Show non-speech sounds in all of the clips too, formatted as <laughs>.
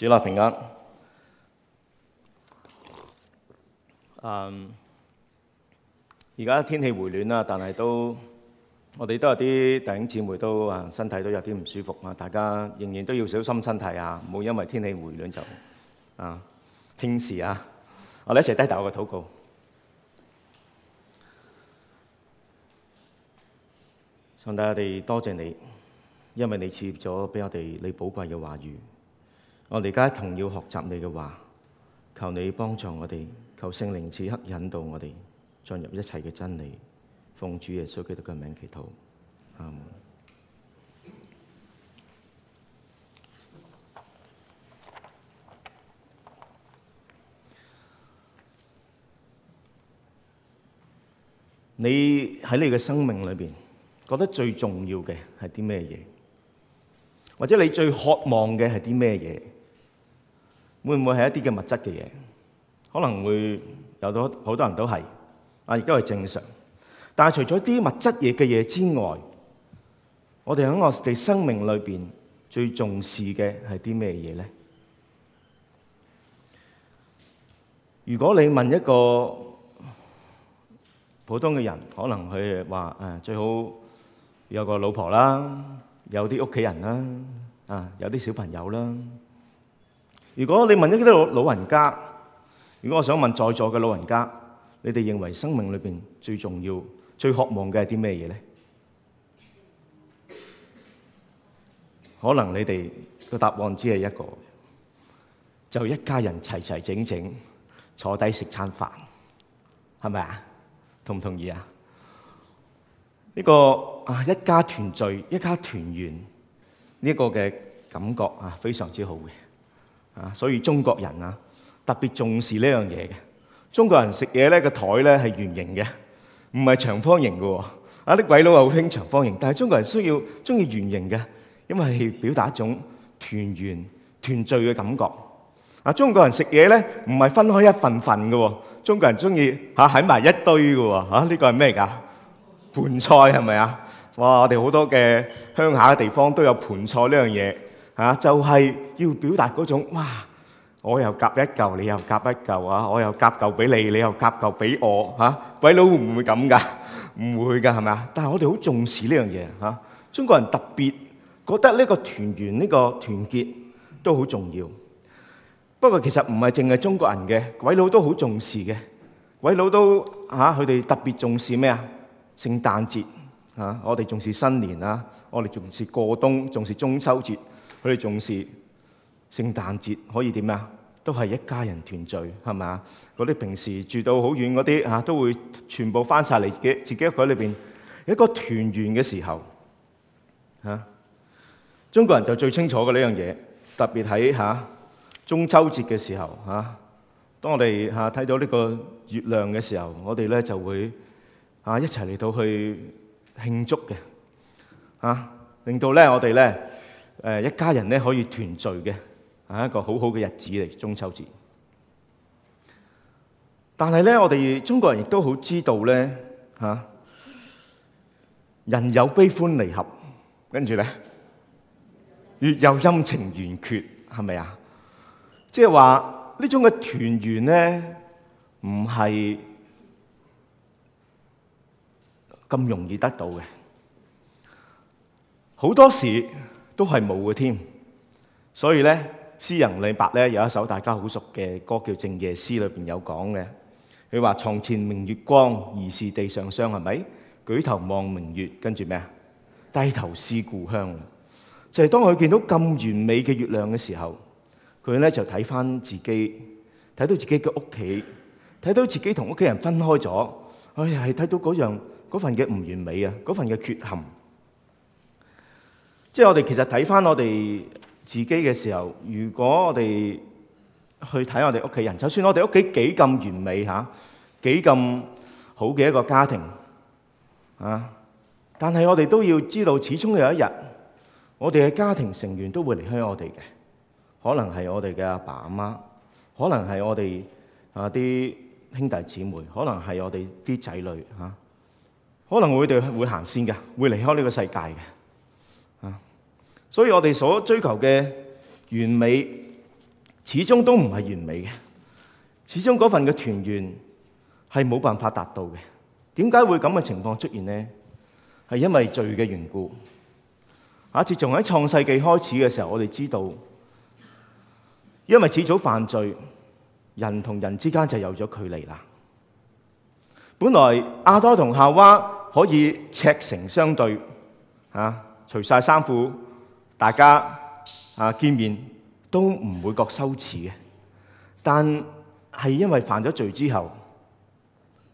主立平安。嗯，而家天氣回暖啦，但係都我哋都有啲弟兄姊妹都啊身體都有啲唔舒服啊，大家仍然都要小心身體啊，唔好因為天氣回暖就啊輕視啊。天啊 <laughs> 我哋一齊低頭嘅禱告。上帝我，我哋多謝你，因為你賜咗俾我哋你寶貴嘅話語。我哋而家一同要學習你嘅話，求你幫助我哋，求聖靈此刻引導我哋進入一切嘅真理。奉主耶穌基督嘅名祈禱。Amen. 你喺你嘅生命裏面覺得最重要嘅係啲咩嘢？或者你最渴望嘅係啲咩嘢？會唔會係一啲嘅物質嘅嘢？可能會有到好多人都係啊，亦都係正常。但係除咗啲物質嘢嘅嘢之外，我哋喺我哋生命裏邊最重視嘅係啲咩嘢咧？如果你問一個普通嘅人，可能佢話誒最好有個老婆啦，有啲屋企人啦，啊有啲小朋友啦。如果你問一啲老老人家，如果我想問在座嘅老人家，你哋認為生命裏邊最重要、最渴望嘅係啲咩嘢咧？可能你哋個答案只係一個，就一家人齊齊整整坐低食餐飯，係咪啊？同唔同意啊？呢個一家團聚、一家團圓呢個嘅感覺啊，非常之好嘅。啊，所以中國人啊特別重視呢樣嘢嘅。中國人食嘢咧，個台咧係圓形嘅，唔係長方形嘅、哦。啊啲鬼佬啊好興長方形，但係中國人需要中意圓形嘅，因為係表達一種團圓團聚嘅感覺。啊，中國人食嘢咧唔係分開一份份嘅、哦，中國人中意嚇喺埋一堆嘅、哦。嚇，呢個係咩㗎？盤菜係咪啊？哇！我哋好多嘅鄉下嘅地方都有盤菜呢樣嘢。啊，就係要表達嗰種，哇！我又夾一嚿，你又夾一嚿啊！我又夾嚿俾你，你又夾嚿俾我吓。鬼佬會唔會咁㗎？唔會㗎，係咪啊？但係我哋好重視呢樣嘢吓。中國人特別覺得呢個團圓、呢個團結都好重要。不過其實唔係淨係中國人嘅，鬼佬都好重視嘅。鬼佬都吓佢哋特別重視咩啊？聖誕節吓，我哋重視新年啦，我哋重視過冬，重視中秋節。佢哋重視聖誕節可以點啊？都係一家人團聚，係咪啊？嗰啲平時住到好遠嗰啲嚇，都會全部翻晒嚟嘅，自己屋企裏邊一個團圓嘅時候嚇、啊。中國人就最清楚嘅呢樣嘢，特別喺嚇、啊、中秋節嘅時候嚇、啊。當我哋嚇睇到呢個月亮嘅時候，我哋咧就會嚇、啊、一齊嚟到去慶祝嘅嚇、啊，令到咧我哋咧。誒一家人咧可以團聚嘅，係一個好好嘅日子嚟，中秋節。但係咧，我哋中國人亦都好知道咧嚇，人有悲歡離合，跟住咧，月有陰晴圓缺，係咪啊？即係話呢種嘅團圓咧，唔係咁容易得到嘅，好多時。都係冇嘅添，所以咧，詩人李白咧有一首大家好熟嘅歌叫《靜夜思》，裏邊有講嘅。佢話：床前明月光，疑是地上霜，係咪？舉頭望明月，跟住咩啊？低頭思故鄉。就係當佢見到咁完美嘅月亮嘅時候，佢咧就睇翻自己，睇到自己嘅屋企，睇到自己同屋企人分開咗，哎呀，係睇到嗰樣嗰份嘅唔完美啊，嗰份嘅缺陷。即係我哋其實睇返我哋自己嘅時候，如果我哋去睇我哋屋企人，就算我哋屋企幾咁完美吓，幾咁好嘅一個家庭啊，但係我哋都要知道，始終有一日，我哋嘅家庭成員都會離開我哋嘅，可能係我哋嘅阿爸阿媽，可能係我哋啊啲兄弟姊妹，可能係我哋啲仔女吓，可能佢哋會會行先嘅，會離開呢個世界嘅。所以我哋所追求嘅完美，始終都唔係完美嘅。始終嗰份嘅團圓係冇辦法達到嘅。點解會咁嘅情況出現呢？係因為罪嘅緣故。啊，自從喺創世紀開始嘅時候，我哋知道，因為始祖犯罪，人同人之間就有咗距離啦。本來亞當同夏娃可以赤誠相對，啊，除晒衫褲。大家啊，見面都唔會覺羞恥嘅，但係因為犯咗罪之後，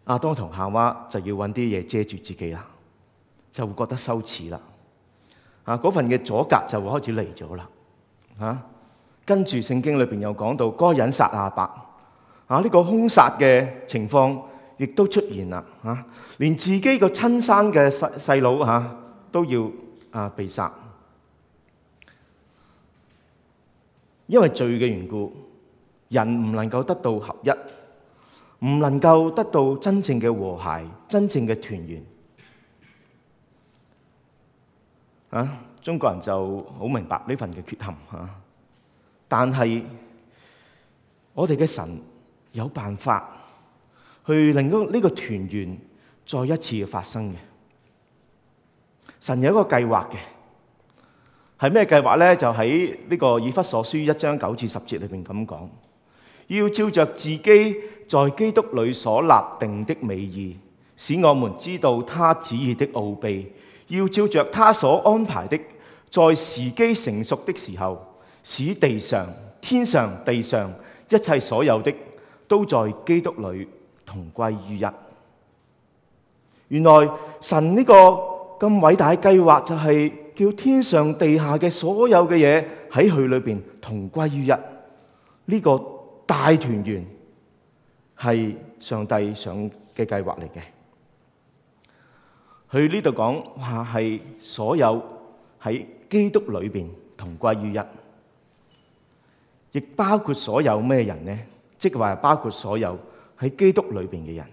阿當同夏娃就要搵啲嘢遮住自己啦，就會覺得羞恥啦。啊，嗰份嘅阻隔就會開始嚟咗啦。跟住聖經裏邊又講到，該隱殺亞伯，啊呢個凶殺嘅情況亦都出現啦。啊，連自己個親生嘅細細佬都要啊被殺。因為罪嘅緣故，人唔能夠得到合一，唔能夠得到真正嘅和諧，真正嘅團圓。啊，中國人就好明白呢份嘅缺陷，啊，但係我哋嘅神有辦法去令到呢個團圓再一次發生嘅。神有一個計劃嘅。係咩計劃呢？就喺呢、這個以弗所書一章九至十節裏面咁講，要照着自己在基督裏所立定的美意，使我們知道他旨意的奧秘，要照着他所安排的，在時機成熟的時候，使地上、天上、地上一切所有的，都在基督裏同歸於一。原來神呢個咁偉大嘅計劃就係、是。叫天上地下嘅所有嘅嘢喺佢裏邊同歸於一，呢個大團圓係上帝想嘅計劃嚟嘅。佢呢度講話係所有喺基督裏邊同歸於一，亦包括所有咩人呢？即係話包括所有喺基督裏邊嘅人。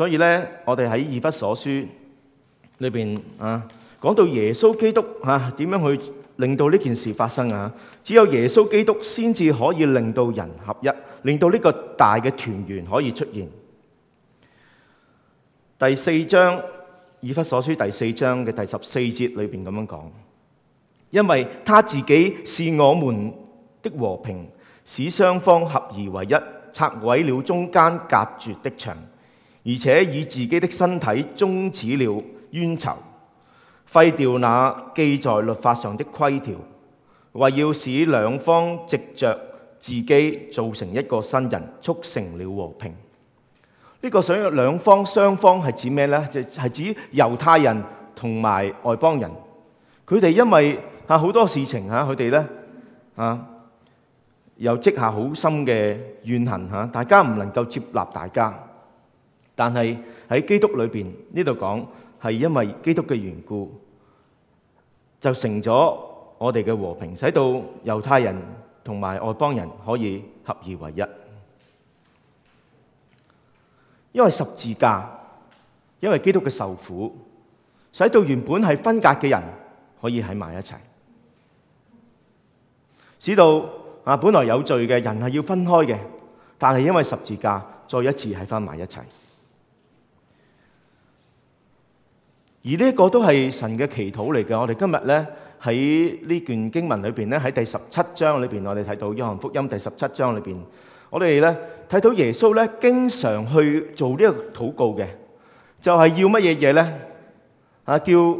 所以咧，我哋喺《以弗所書》裏邊啊，講到耶穌基督啊，點樣去令到呢件事發生啊？只有耶穌基督先至可以令到人合一，令到呢個大嘅團圓可以出現。第四章《以弗所書》第四章嘅第十四節裏邊咁樣講，因為他自己是我們的和平，使雙方合而為一，拆毀了中間隔絕的牆。而且以自己的身體終止了冤仇，廢掉那記在律法上的規條，為要使兩方藉着自己造成一個新人，促成了和平。呢、這個想兩方雙方係指咩呢？就係指猶太人同埋外邦人。佢哋因為啊好多事情嚇，佢哋呢啊又積下好深嘅怨恨嚇，大家唔能夠接納大家。但係喺基督裏邊呢度講，係因為基督嘅緣故，就成咗我哋嘅和平，使到猶太人同埋外邦人可以合二為一。因為十字架，因為基督嘅受苦，使到原本係分隔嘅人可以喺埋一齊，使到啊本來有罪嘅人係要分開嘅，但係因為十字架，再一次喺翻埋一齊。而呢一個都係神嘅祈禱嚟嘅。我哋今日咧喺呢段經文裏邊咧，喺第十七章裏邊，我哋睇到《約翰福音》第十七章裏邊，我哋咧睇到耶穌咧經常去做呢個禱告嘅，就係、是、要乜嘢嘢咧？啊，叫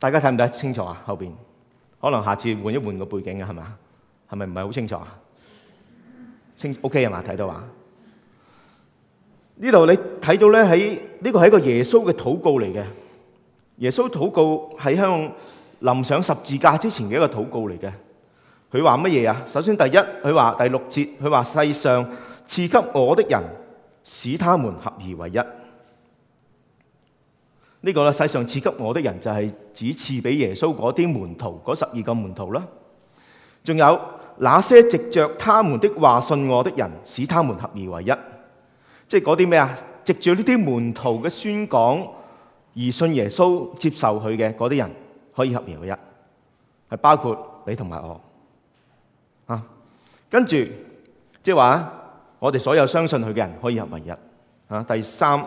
大家睇唔睇得清楚啊？後邊可能下次換一換個背景嘅係嘛？係咪唔係好清楚啊？嗯、清 OK 啊嘛？睇到啊？呢度你睇到呢，喺呢個係一個耶穌嘅禱告嚟嘅。耶穌禱告喺向臨上十字架之前嘅一個禱告嚟嘅。佢話乜嘢啊？首先第一，佢話第六節，佢話世上賜給我的人，使他們合而為一。呢個啦，世上賜給我的人就係指賜俾耶穌嗰啲門徒，嗰十二個門徒啦。仲有那些藉着他們的話信我的人，使他們合而為一。即係嗰啲咩啊？藉住呢啲門徒嘅宣講而信耶穌接受佢嘅嗰啲人可以合而為一，係包括你同埋我啊。跟住即係話，我哋所有相信佢嘅人可以合為一啊。第三，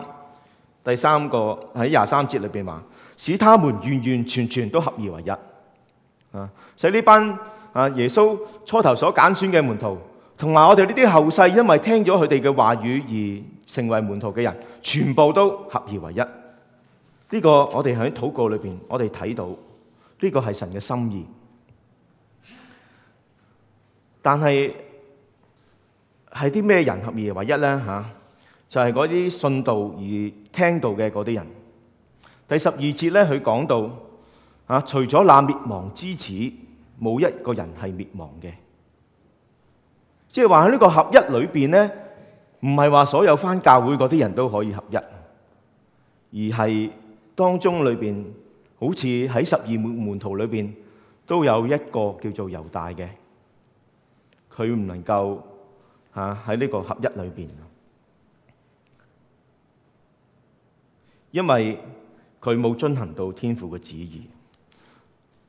第三個喺廿三節裏邊話，使他們完完全全都合而為一啊。使呢班啊耶穌初頭所揀選嘅門徒。同埋我哋呢啲後世，因為聽咗佢哋嘅話語而成為門徒嘅人，全部都合而為一。呢個我哋喺禱告裏邊，我哋睇到呢個係神嘅心意。但係係啲咩人合而為一呢？吓，就係嗰啲信道而聽到嘅嗰啲人。第十二節呢，佢講到啊，除咗那滅亡之子，冇一個人係滅亡嘅。即係話喺呢個合一裏邊咧，唔係話所有返教會嗰啲人都可以合一，而係當中裏邊，好似喺十二門門徒裏邊，都有一個叫做猶大嘅，佢唔能夠嚇喺呢個合一裏邊，因為佢冇遵行到天父嘅旨意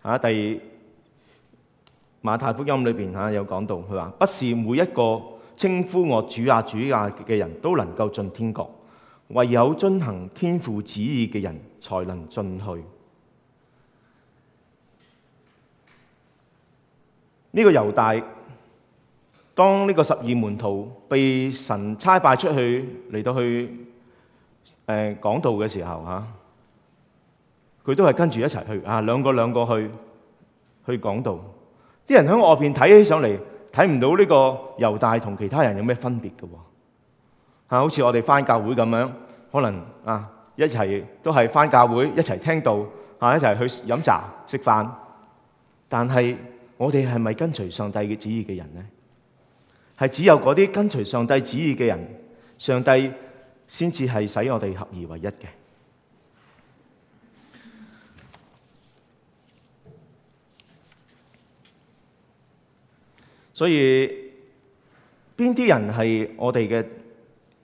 嚇。第二。馬太福音裏邊嚇有講到，佢話：不是每一個稱呼我主啊主啊嘅人都能夠進天國，唯有遵行天父旨意嘅人才能進去。呢、這個猶大，當呢個十二門徒被神差派出去嚟到去誒講、呃、道嘅時候嚇，佢、啊、都係跟住一齊去啊兩個兩個去去講道。啲人喺外邊睇起上嚟，睇唔到呢個猶大同其他人有咩分別嘅喎。好似我哋返教會咁樣，可能啊一齊都係返教會，一齊聽道，啊一齊去飲茶食飯。但係我哋係咪跟隨上帝嘅旨意嘅人呢？係只有嗰啲跟隨上帝旨意嘅人，人，上帝先至係使我哋合而為一嘅。所以邊啲人係我哋嘅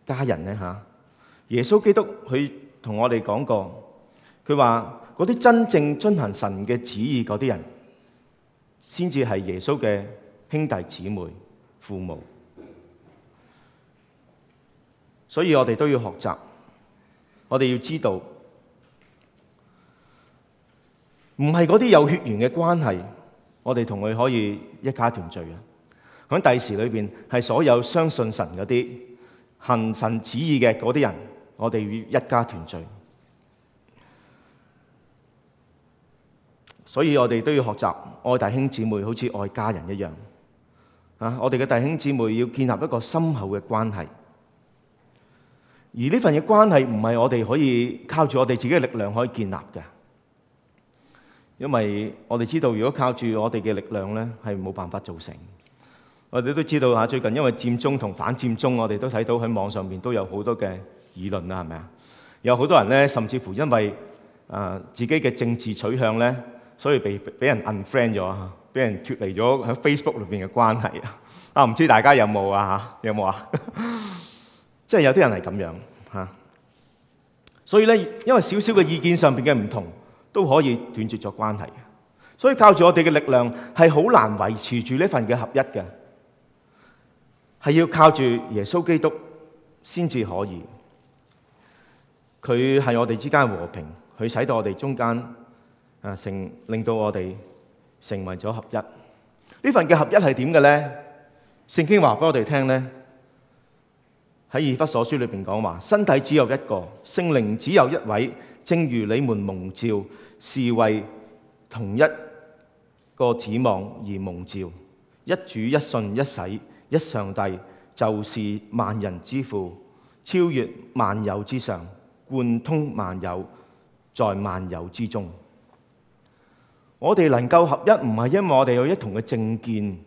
家人咧？吓，耶穌基督佢同我哋講過，佢話嗰啲真正遵行神嘅旨意嗰啲人，先至係耶穌嘅兄弟姊妹、父母。所以我哋都要學習，我哋要知道，唔係嗰啲有血緣嘅關係，我哋同佢可以一家團聚啊！喺第時裏面，係所有相信神嗰啲行神旨意嘅嗰啲人，我哋要一家團聚。所以我哋都要學習愛弟兄姊妹，好似愛家人一樣。啊！我哋嘅弟兄姊妹要建立一個深厚嘅關係，而呢份嘅關係唔係我哋可以靠住我哋自己嘅力量可以建立嘅，因為我哋知道，如果靠住我哋嘅力量咧，係冇辦法造成。我哋都知道嚇，最近因為佔中同反佔中，我哋都睇到喺網上面都有好多嘅議論啦，係咪啊？有好多人咧，甚至乎因為誒自己嘅政治取向咧，所以被俾人 unfriend 咗，俾人脫離咗喺 Facebook 裏邊嘅關係啊！啊，唔知大家有冇啊？嚇，有冇啊？即 <laughs> 係有啲人係咁樣嚇，所以咧，因為少少嘅意見上邊嘅唔同，都可以斷絕咗關係。所以靠住我哋嘅力量係好難維持住呢份嘅合一嘅。係要靠住耶穌基督先至可以，佢係我哋之間嘅和平，佢使到我哋中間成令到我哋成為咗合一。呢份嘅合一係點嘅呢？聖經話俾我哋聽呢，喺以弗所書裏邊講話，身體只有一個，聖靈只有一位，正如你們蒙召是為同一個指望而蒙召，一主一信一洗。」一上帝就是萬人之父，超越萬有之上，貫通萬有，在萬有之中。我哋能夠合一，唔係因為我哋有一同嘅政見，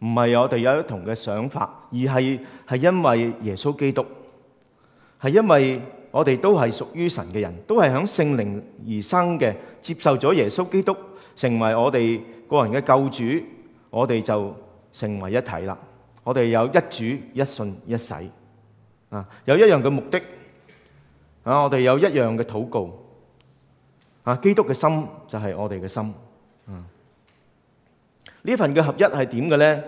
唔係我哋有一同嘅想法，而係，係因為耶穌基督，係因為我哋都係屬於神嘅人，都係響聖靈而生嘅，接受咗耶穌基督成為我哋個人嘅救主，我哋就成為一體啦。我哋有一主一信一洗啊，有一樣嘅目的啊，我哋有一樣嘅禱告啊，基督嘅心就係我哋嘅心。嗯，呢份嘅合一係點嘅咧？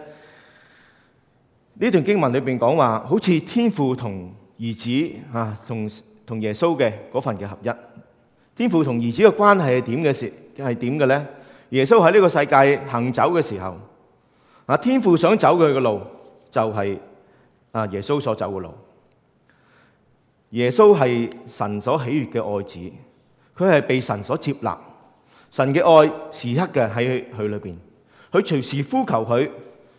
呢段經文裏邊講話，好似天父同兒子啊，同同耶穌嘅嗰份嘅合一。天父同兒子嘅關係係點嘅事？係點嘅咧？耶穌喺呢個世界行走嘅時候，啊，天父想走佢嘅路。就係啊，耶穌所走嘅路。耶穌係神所喜悅嘅愛子，佢係被神所接納，神嘅愛時刻嘅喺佢裏邊。佢隨時呼求佢，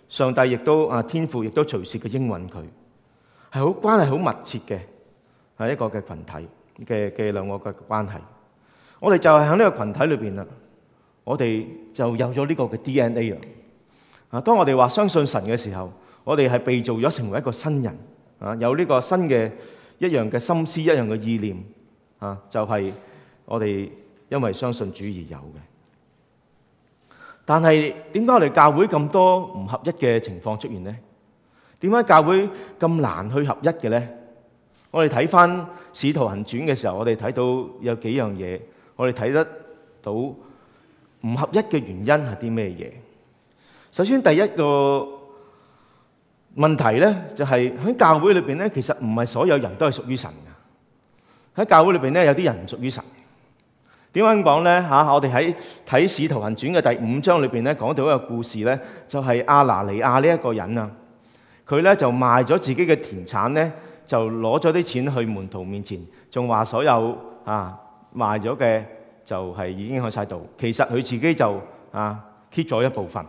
上帝亦都啊，天父亦都隨時嘅應允佢，係好關係好密切嘅啊。一個嘅群體嘅嘅兩個嘅關係，我哋就係喺呢個群體裏邊啦。我哋就有咗呢個嘅 D N A 啊。啊，當我哋話相信神嘅時候。我哋係被造咗成為一個新人啊，有呢個新嘅一樣嘅心思，一樣嘅意念啊，就係我哋因為相信主而有嘅。但係點解我哋教會咁多唔合一嘅情況出現呢？點解教會咁難去合一嘅呢？我哋睇返《使徒行傳》嘅時候，我哋睇到有幾樣嘢，我哋睇得到唔合一嘅原因係啲咩嘢？首先第一個。問題呢就係喺教會裏邊呢，其實唔係所有人都係屬於神嘅。喺教會裏邊呢，有啲人唔屬於神。點解咁講呢？吓，我哋喺睇《使徒行傳》嘅第五章裏邊呢，講到一個故事呢，就係阿拿尼亞呢一個人啊，佢呢就賣咗自己嘅田產呢，就攞咗啲錢去門徒面前，仲話所有啊賣咗嘅就係已經去晒度。其實佢自己就啊 keep 咗一部分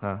啊。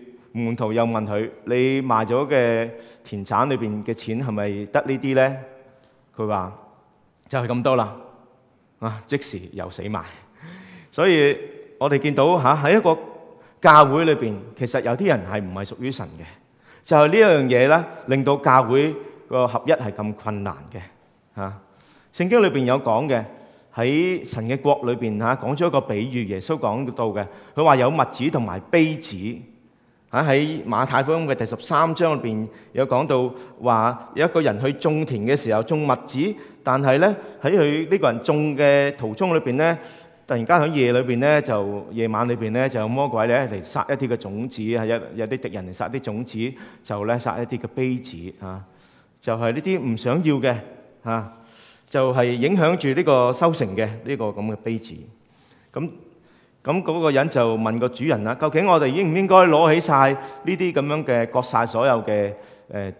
門徒又問佢：你賣咗嘅田產裏邊嘅錢係咪得呢啲咧？佢話：就係咁多啦。啊！即時又死埋。所以我哋見到嚇喺一個教會裏邊，其實有啲人係唔係屬於神嘅，就係呢一樣嘢咧，令到教會個合一係咁困難嘅。嚇，聖經裏邊有講嘅喺神嘅國裏邊嚇，講咗一個比喻，耶穌講到嘅，佢話有麥子同埋稗子。嚇喺馬太福音嘅第十三章入邊有講到話有一個人去種田嘅時候種麥子，但係咧喺佢呢個人種嘅途中裏邊咧，突然間喺夜裏邊咧就夜晚裏邊咧就有魔鬼咧嚟撒一啲嘅種子，係有有啲敵人嚟撒啲種子，就咧撒一啲嘅稗子啊，就係呢啲唔想要嘅啊，就係影響住呢個收成嘅呢個咁嘅稗子，咁。咁、那、嗰個人就問個主人啦：究竟我哋應唔應該攞起曬呢啲咁樣嘅割曬所有嘅、呃、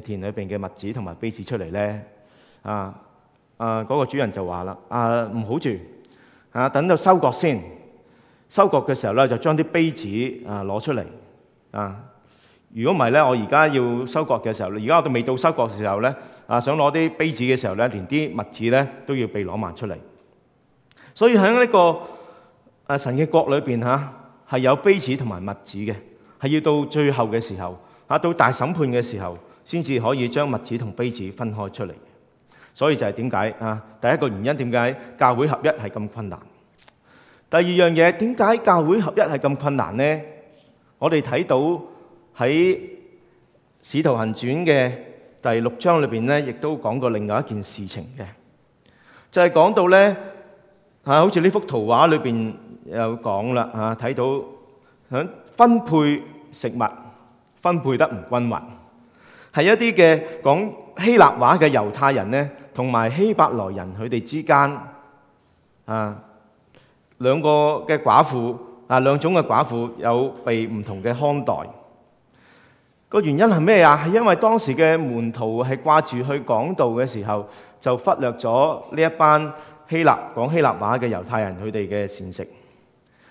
田裏面嘅麥子同埋杯子出嚟咧？啊啊！嗰個主人就話啦：啊唔好住啊，等到收割先。收割嘅時候咧，就將啲杯子啊攞出嚟啊。如果唔係咧，我而家要收割嘅時候，而家我哋未到收割嘅時候咧，啊想攞啲杯子嘅時候咧，連啲麥子咧都要被攞埋出嚟。所以喺呢、這個啊！神嘅國裏邊吓係有稗子同埋麥子嘅，係要到最後嘅時候，吓到大審判嘅時候，先至可以將麥子同稗子分開出嚟。所以就係點解啊？第一個原因點解教會合一係咁困難？第二樣嘢點解教會合一係咁困難呢？我哋睇到喺《使徒行傳》嘅第六章裏邊咧，亦都講過另外一件事情嘅，就係講到咧啊，好似呢幅圖畫裏邊。又講啦嚇，睇到喺分配食物分配得唔均勻，係一啲嘅講希臘話嘅猶太人呢，同埋希伯來人佢哋之間啊，兩個嘅寡婦啊，兩種嘅寡婦有被唔同嘅看待。個原因係咩啊？係因為當時嘅門徒係掛住去講道嘅時候，就忽略咗呢一班希臘講希臘話嘅猶太人佢哋嘅膳食。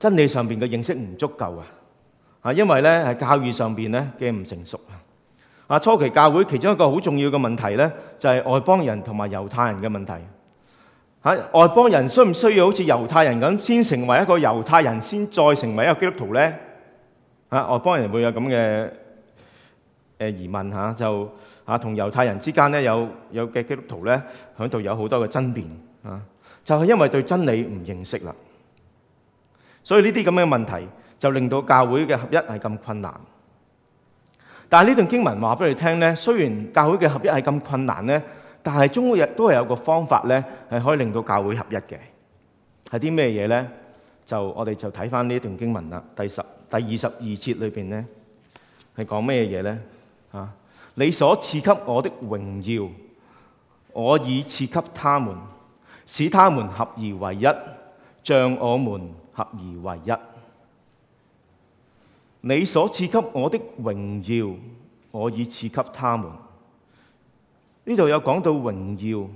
真理上邊嘅認識唔足夠啊！啊，因為呢喺教育上邊呢，幾唔成熟啊！初期教會其中一個好重要嘅問題呢，就係、是、外邦人同埋猶太人嘅問題。吓，外邦人需唔需要好似猶太人咁先成為一個猶太人，先再成為一個基督徒呢？啊，外邦人會有咁嘅疑問吓，就啊，同猶太人之間呢，有有嘅基督徒呢，喺度有好多嘅爭辯啊，就係因為對真理唔認識啦。所以呢啲咁嘅問題就令到教會嘅合一係咁困，困難。但係呢段經文話俾你聽呢，雖然教會嘅合一係咁困難呢，但係終日都係有個方法呢，係可以令到教會合一嘅。係啲咩嘢呢？就我哋就睇翻呢一段經文啦。第十第二十二節裏邊呢，係講咩嘢呢？啊，你所賜給我的榮耀，我已賜給他們，使他們合而為一，像我們。合而為一。你所賜給我的榮耀，我已賜給他們。呢度有講到榮耀，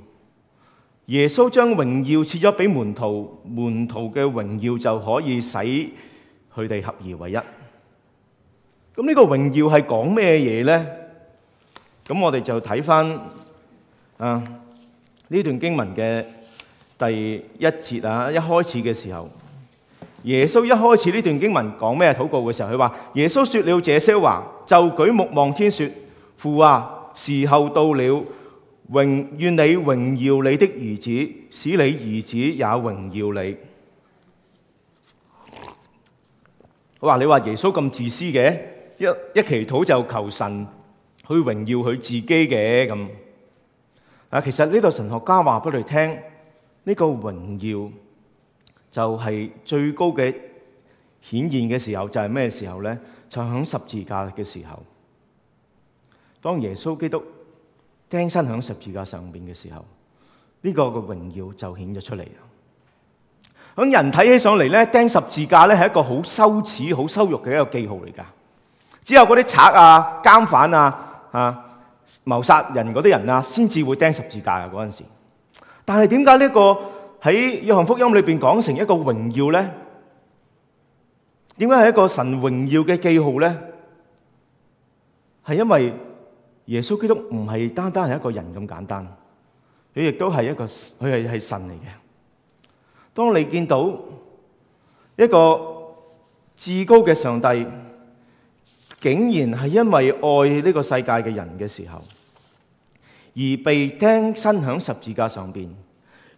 耶穌將榮耀賜咗俾門徒，門徒嘅榮耀就可以使佢哋合而為一。咁呢個榮耀係講咩嘢呢？咁我哋就睇翻啊呢段經文嘅第一節啊，一開始嘅時候。耶穌一開始呢段經文講咩禱告嘅時候，佢話耶穌說了這些話，就舉目望天說：父啊，時候到了，榮願你榮耀你的兒子，使你兒子也榮耀你。佢話你話耶穌咁自私嘅，一一祈禱就求神去榮耀佢自己嘅咁。啊，其實呢度神學家話俾你聽，呢個榮耀。就係最高嘅顯現嘅時候，就係咩時候咧？就喺十字架嘅時候，當耶穌基督釘身喺十字架上邊嘅時候，呢個嘅榮耀就顯咗出嚟啊！咁人睇起上嚟咧，釘十字架咧係一個好羞恥、好羞辱嘅一個記號嚟噶。只有嗰啲賊啊、奸犯啊、啊謀殺人嗰啲人啊，先至會釘十字架啊！嗰陣時，但係點解呢個？喺約翰福音裏邊講成一個榮耀咧，點解係一個神榮耀嘅記號咧？係因為耶穌基督唔係單單係一個人咁簡單，佢亦都係一個佢，係係神嚟嘅。當你見到一個至高嘅上帝，竟然係因為愛呢個世界嘅人嘅時候，而被釘身響十字架上邊。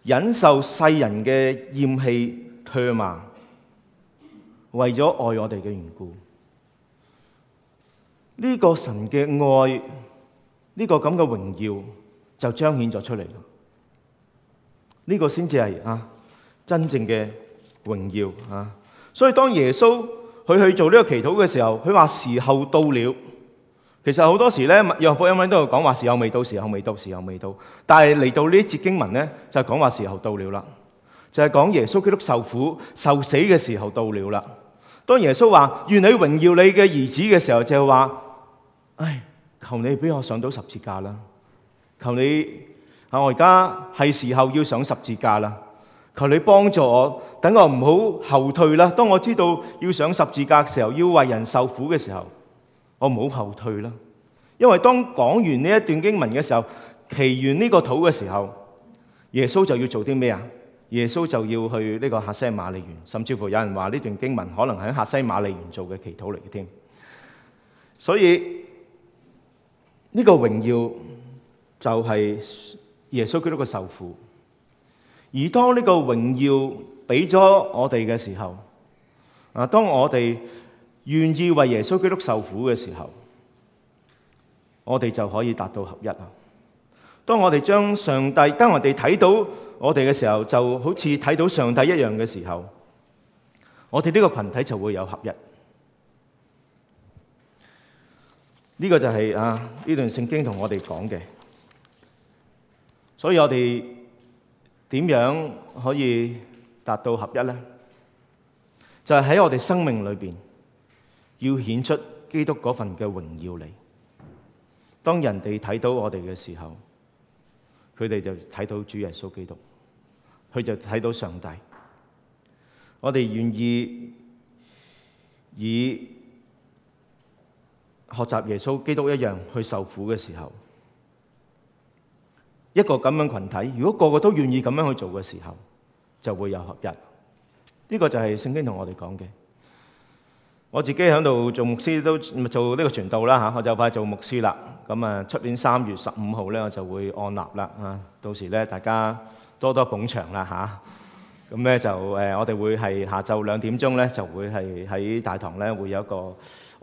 忍受世人嘅嫌棄唾罵，為咗愛我哋嘅緣故，呢個神嘅愛，呢個咁嘅榮耀就彰顯咗出嚟。呢個先至係真正嘅榮耀啊！所以當耶穌佢去做呢個祈禱嘅時候，佢話時候到了。其實好多時咧，約翰福音都有講話，時候未到，時候未到，時候未到，到。但係嚟到呢一節經文咧，就係講話，時候到了啦，就係講耶穌基督受苦、受死嘅時候到了啦。當耶穌話，願你榮耀你嘅兒子嘅時候，就係話：，唉，求你俾我上到十字架啦，求你啊，我而家係時候要上十字架啦，求你幫助我，等我唔好後退啦。當我知道要上十字架嘅時候，要為人受苦嘅時候。我唔好後退啦，因為當講完呢一段經文嘅時候，祈願呢個土嘅時候，耶穌就要做啲咩啊？耶穌就要去呢個客西馬尼園，甚至乎有人話呢段經文可能喺客西馬尼園做嘅祈禱嚟嘅添。所以呢個榮耀就係耶穌基督嘅受苦，而當呢個榮耀俾咗我哋嘅時候，啊，當我哋。願意為耶穌基督受苦嘅時候，我哋就可以達到合一啊！當我哋將上帝，當我哋睇到我哋嘅時候，就好似睇到上帝一樣嘅時候，我哋呢個群體就會有合一。呢、這個就係啊呢段聖經同我哋講嘅，所以我哋點樣可以達到合一咧？就係、是、喺我哋生命裏邊。要顯出基督嗰份嘅榮耀嚟。當人哋睇到我哋嘅時候，佢哋就睇到主耶穌基督，佢就睇到上帝。我哋願意以學習耶穌基督一樣去受苦嘅時候，一個咁樣群體，如果個個都願意咁樣去做嘅時候，就會有合一。呢個就係聖經同我哋講嘅。我自己喺度做牧師都咪做呢個傳道啦嚇，我就快做牧師啦。咁啊，出年三月十五號咧，我就會按立啦啊！到時咧，大家多多捧場啦嚇。咁咧就誒，我哋會係下晝兩點鐘咧，就會係喺大堂咧會有一個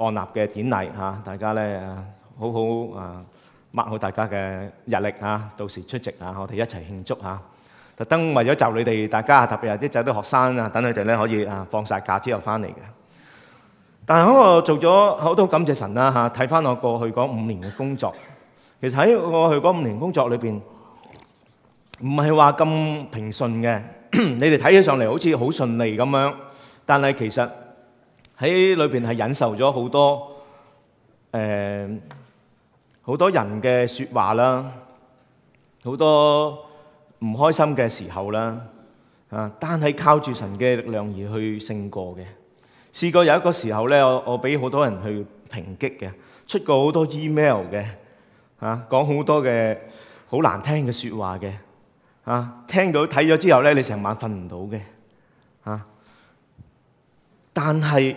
按立嘅典禮嚇。大家咧好好啊，mark 好大家嘅日曆啊，到時出席啊，我哋一齊慶祝嚇。特登為咗就你哋大家，特別係啲仔女學生啊，等佢哋咧可以啊放晒假之後翻嚟嘅。但係，我做咗好多感謝神啦嚇！睇翻我過去嗰五年嘅工作，其實喺我過去嗰五年工作裏邊，唔係話咁平順嘅。你哋睇起上嚟好似好順利咁樣，但係其實喺裏邊係忍受咗好多誒，好多人嘅説話啦，好多唔開心嘅時候啦，啊，但係靠住神嘅力量而去勝過嘅。試過有一個時候咧，我我俾好多人去抨擊嘅，出過好多 email 嘅，啊講好多嘅好難聽嘅説話嘅，啊聽到睇咗之後咧，你成晚瞓唔到嘅，啊！但係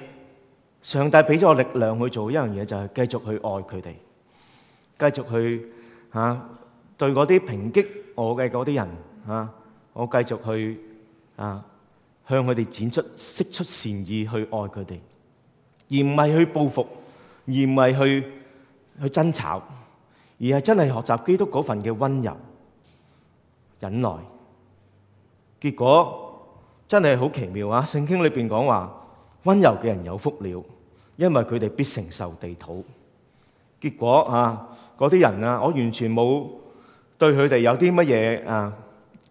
上帝俾咗我力量去做一樣嘢，就係、是、繼續去愛佢哋，繼續去嚇、啊、對嗰啲抨擊我嘅嗰啲人嚇、啊，我繼續去啊。向佢哋展出，釋出善意去愛佢哋，而唔係去報復，而唔係去去爭吵，而係真係學習基督嗰份嘅溫柔忍耐。結果真係好奇妙啊！聖經裏邊講話溫柔嘅人有福了，因為佢哋必承受地土。結果啊，嗰啲人啊，我完全冇對佢哋有啲乜嘢啊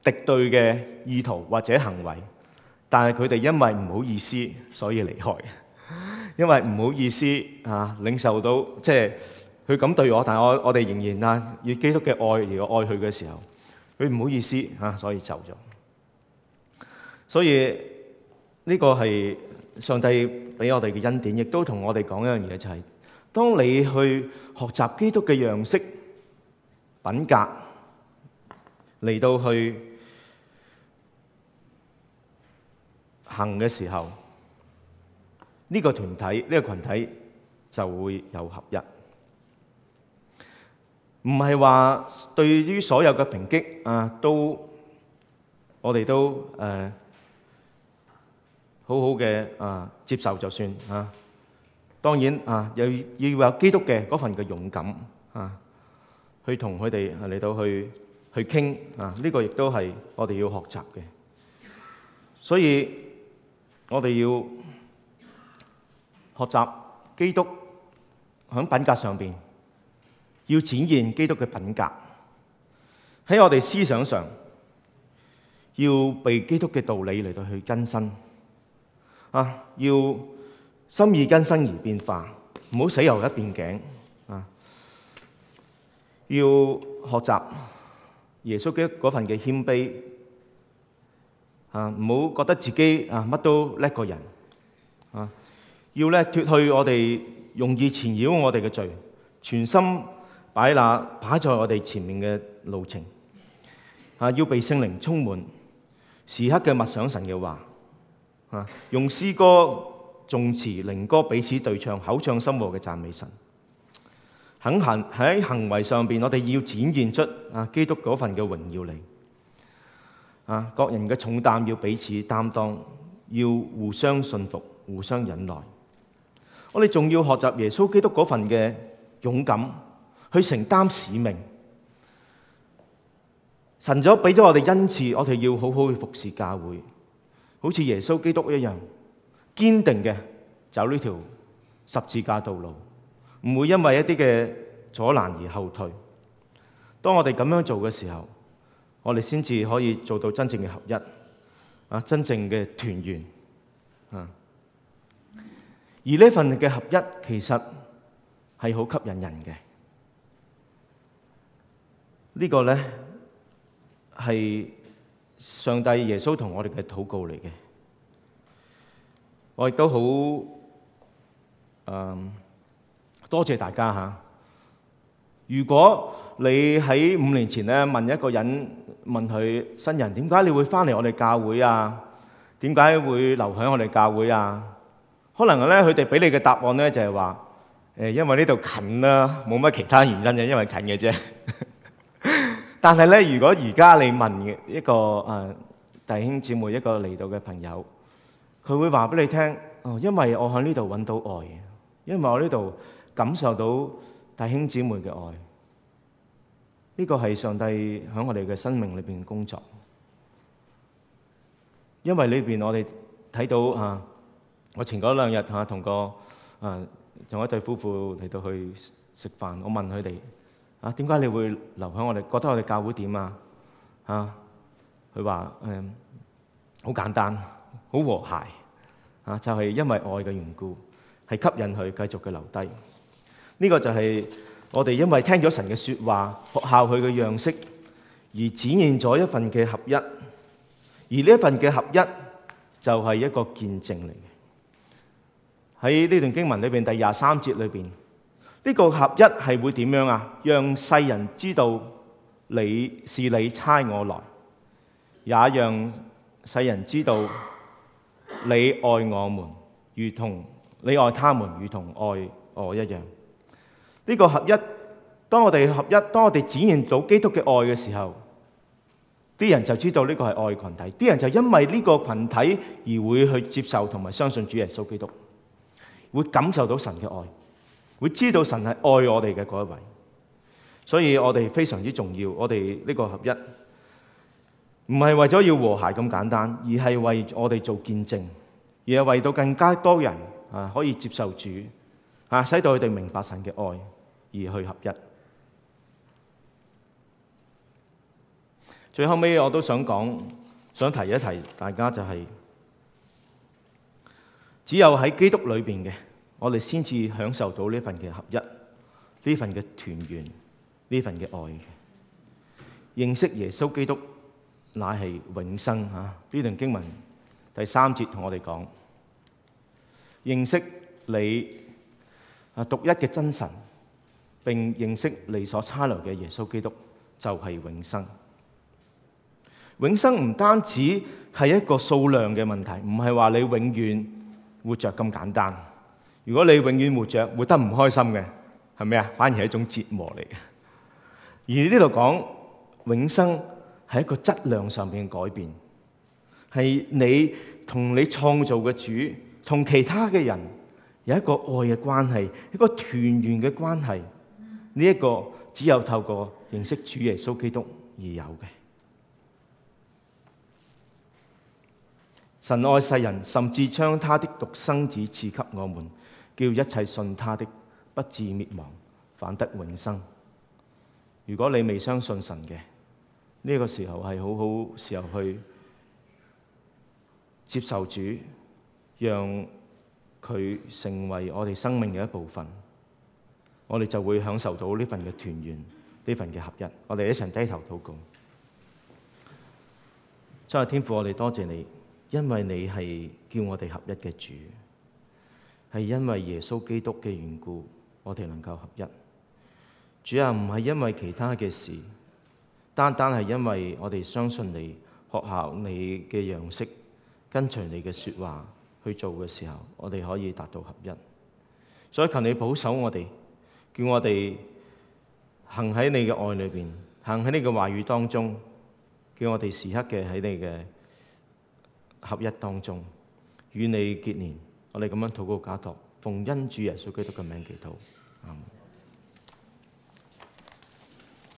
敵對嘅意圖或者行為。但係佢哋因為唔好意思，所以離開。因為唔好意思啊，領受到即係佢咁對我，但係我我哋仍然啊以基督嘅愛而我愛佢嘅時候，佢唔好意思啊，所以走咗。所以呢個係上帝俾我哋嘅恩典，亦都同我哋講一樣嘢，就係當你去學習基督嘅樣式、品格嚟到去。行嘅時候，呢個團體、呢個羣體就會有合一。唔係話對於所有嘅抨擊啊，都我哋都誒好好嘅啊接受就算啊。當然啊，又要有基督嘅嗰份嘅勇敢啊，去同佢哋嚟到去去傾啊。呢個亦都係我哋要學習嘅。所以。我哋要學習基督，喺品格上要展現基督嘅品格；喺我哋思想上，要被基督嘅道理嚟到去更新啊！要心意更新而變化，唔好死牛一邊頸啊！要學習耶穌嘅嗰份嘅謙卑。啊！唔好覺得自己啊乜都叻過人，啊要咧脫去我哋容易纏繞我哋嘅罪，全心擺那擺在我哋前面嘅路程。啊！要被聖靈充滿，時刻嘅默想神嘅話詩重，啊用詩歌、頌詞、靈歌彼此對唱，口唱心和嘅讚美神。肯行喺行為上邊，我哋要展現出啊基督嗰份嘅榮耀嚟。啊！各人嘅重擔要彼此擔當，要互相信服、互相忍耐。我哋仲要學習耶穌基督嗰份嘅勇敢，去承擔使命。神早俾咗我哋恩賜，我哋要好好去服侍教會，好似耶穌基督一樣堅定嘅走呢條十字架道路，唔會因為一啲嘅阻難而後退。當我哋咁樣做嘅時候，我哋先至可以做到真正嘅合一，啊，真正嘅團圓，啊。而呢份嘅合一其實係好吸引人嘅，呢、這個呢係上帝耶穌同我哋嘅禱告嚟嘅。我亦都好、嗯，多謝大家嚇。如果你喺五年前咧問一個人，問佢新人，點解你會翻嚟我哋教會啊？點解會留喺我哋教會啊？可能咧佢哋俾你嘅答案咧就係話誒，因為呢度近啦，冇乜其他原因嘅，因為近嘅啫。但係咧，如果而家你問一個誒弟兄姊妹一個嚟到嘅朋友，佢會話俾你聽哦，因為我喺呢度搵到愛，因為我呢度感受到。弟兄姊妹嘅愛，呢個係上帝喺我哋嘅生命裏邊工作。因為裏邊我哋睇到啊，我前嗰兩日啊同個啊同一對夫婦嚟到去食飯，我問佢哋啊點解你會留喺我哋？覺得我哋教會點啊？啊，佢話誒好簡單，好和諧啊，就係因為愛嘅緣故，係吸引佢繼續嘅留低。呢、這個就係我哋因為聽咗神嘅説話，效佢嘅樣式，而展現咗一份嘅合一。而呢一份嘅合一就係一個見證嚟嘅。喺呢段經文裏邊，第廿三節裏邊，呢、這個合一係會點樣啊？讓世人知道你是你差我來，也讓世人知道你愛我們，如同你愛他們，如同愛我一樣。呢個合一，當我哋合一，當我哋展現到基督嘅愛嘅時候，啲人就知道呢個係愛群體，啲人就因為呢個群體而會去接受同埋相信主耶穌基督，會感受到神嘅愛，會知道神係愛我哋嘅嗰一位。所以我哋非常之重要，我哋呢個合一唔係為咗要和諧咁簡單，而係為我哋做見證，而係為到更加多人啊可以接受主啊，使到佢哋明白神嘅愛，而去合一。最後尾我都想講，想提一提大家，就係只有喺基督裏邊嘅，我哋先至享受到呢份嘅合一，呢份嘅團圓，呢份嘅愛。認識耶穌基督乃係永生啊！呢段經文第三節同我哋講，認識你啊獨一嘅真神。並認識你所差留嘅耶穌基督就係永生。永生唔單止係一個數量嘅問題，唔係話你永遠活著咁簡單。如果你永遠活著活得唔開心嘅，係咪啊？反而係一種折磨嚟嘅。而呢度講永生係一個質量上面嘅改變，係你同你創造嘅主，同其他嘅人有一個愛嘅關係，一個團圓嘅關係。呢一個只有透過認識主耶穌基督而有嘅。神愛世人，甚至將他的獨生子賜給我們，叫一切信他的不至滅亡，反得永生。如果你未相信神嘅，呢個時候係好好時候去接受主，讓佢成為我哋生命嘅一部分。我哋就會享受到呢份嘅團圓，呢份嘅合一。我哋一齊低頭禱告，真係天父，我哋多謝你，因為你係叫我哋合一嘅主，係因為耶穌基督嘅緣故，我哋能夠合一。主啊，唔係因為其他嘅事，單單係因為我哋相信你，學效你嘅樣式，跟隨你嘅説話去做嘅時候，我哋可以達到合一。所以求你保守我哋。叫我哋行喺你嘅愛裏邊，行喺你嘅話語當中，叫我哋時刻嘅喺你嘅合一當中與你結連。我哋咁樣禱告，交託奉恩主耶穌基督嘅名祈禱。阿們。